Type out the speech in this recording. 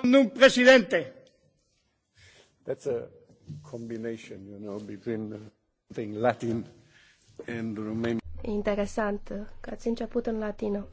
Domnul președinte! That's a combination, you know, between uh, thing Latin and Romanian. Interesant că ați început în latină.